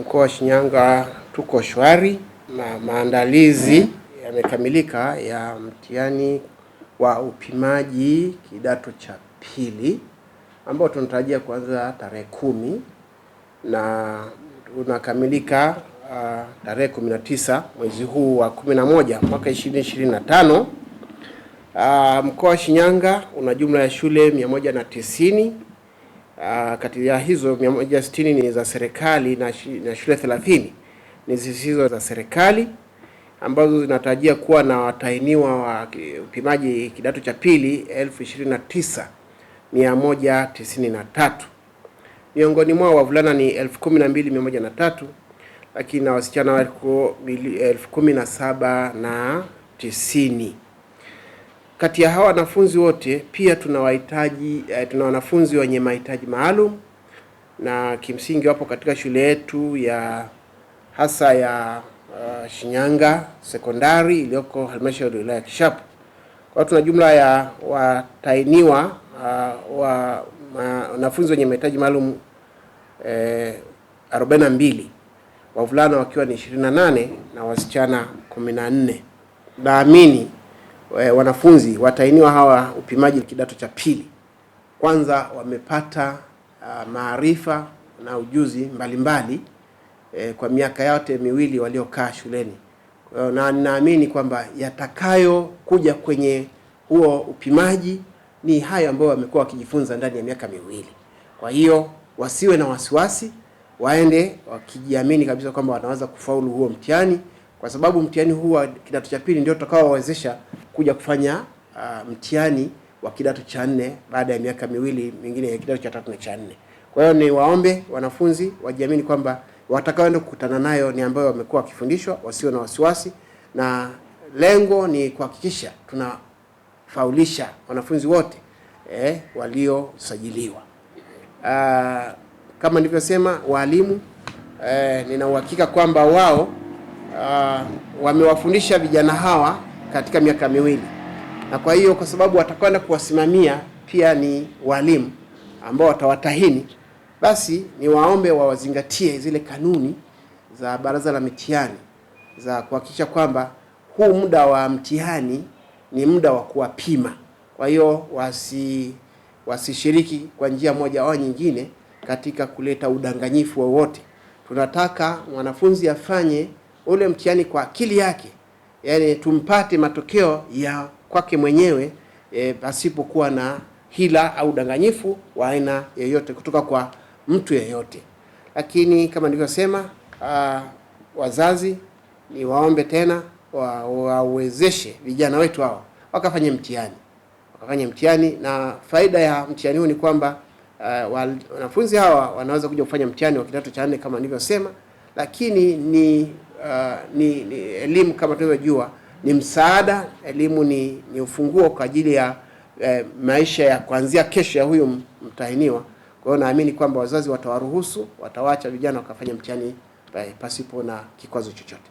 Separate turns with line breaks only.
Mkoa wa Shinyanga tuko shwari na maandalizi yamekamilika ya mtihani wa upimaji kidato cha pili ambao tunatarajia kuanza tarehe kumi na unakamilika uh, tarehe kumi na tisa mwezi huu wa kumi na moja mwaka ishirini ishirini na tano. Uh, mkoa wa Shinyanga una jumla ya shule mia moja na tisini Uh, kati ya hizo 160 ni za serikali na, shi, na shule 30 ni zisizo za serikali ambazo zinatarajia kuwa na watahiniwa wa upimaji kidato cha pili 29193. Miongoni mwao wavulana ni 12103 lakini na wasichana wako 90 kati ya hawa wanafunzi wote pia tunawahitaji eh, tuna wanafunzi wenye mahitaji maalum na kimsingi wapo katika shule yetu ya hasa ya uh, Shinyanga sekondari iliyoko halmashauri ya wilaya ya Kishapu. Kwa tuna jumla ya watainiwa uh, wa wanafunzi wenye mahitaji maalum eh, 42 wavulana wakiwa ni 28 na wasichana 14. Naamini Eh, wanafunzi watainiwa hawa upimaji kidato cha pili kwanza wamepata uh, maarifa na ujuzi mbalimbali mbali, eh, kwa miaka yote miwili waliokaa shuleni na ninaamini kwamba yatakayokuja kwenye huo upimaji ni hayo ambayo wamekuwa wakijifunza ndani ya miaka miwili. Kwa hiyo wasiwe na wasiwasi, waende wakijiamini kabisa kwamba wanaweza kufaulu huo mtihani, kwa sababu mtihani huu wa kidato cha pili ndio utakaowawezesha kuja kufanya uh, mtihani wa kidato cha nne baada ya miaka miwili mingine ya kidato cha tatu na cha nne. Kwa hiyo ni waombe wanafunzi wajiamini kwamba watakaoenda kukutana nayo ni ambayo wamekuwa wakifundishwa, wasio na wasiwasi, na lengo ni kuhakikisha tunafaulisha wanafunzi wote eh, waliosajiliwa. Uh, kama nilivyosema walimu eh, nina uhakika kwamba wao uh, wamewafundisha vijana hawa katika miaka miwili, na kwa hiyo kwa sababu watakwenda kuwasimamia pia ni walimu ambao watawatahini, basi ni waombe wawazingatie zile kanuni za Baraza la Mitihani za kuhakikisha kwamba huu muda wa mtihani ni muda wa kuwapima. Kwa hiyo wasi wasishiriki kwa njia moja au nyingine katika kuleta udanganyifu wowote. Tunataka mwanafunzi afanye ule mtihani kwa akili yake yani tumpate matokeo ya kwake mwenyewe e, pasipokuwa na hila au udanganyifu wa aina yoyote kutoka kwa mtu yeyote. Lakini kama nilivyosema, wazazi ni waombe tena wawezeshe wa vijana wetu hao wakafanye mtihani wakafanye mtihani, na faida ya mtihani huu ni kwamba wanafunzi hawa wanaweza kuja kufanya mtihani wa kidato cha nne kama nilivyosema, lakini ni Uh, ni, ni elimu kama tunavyojua ni msaada. Elimu ni, ni ufunguo kwa ajili ya eh, maisha ya kuanzia kesho ya huyu mtahiniwa. Kwa hiyo naamini kwamba wazazi watawaruhusu, watawaacha vijana wakafanya mtihani eh, pasipo na kikwazo chochote.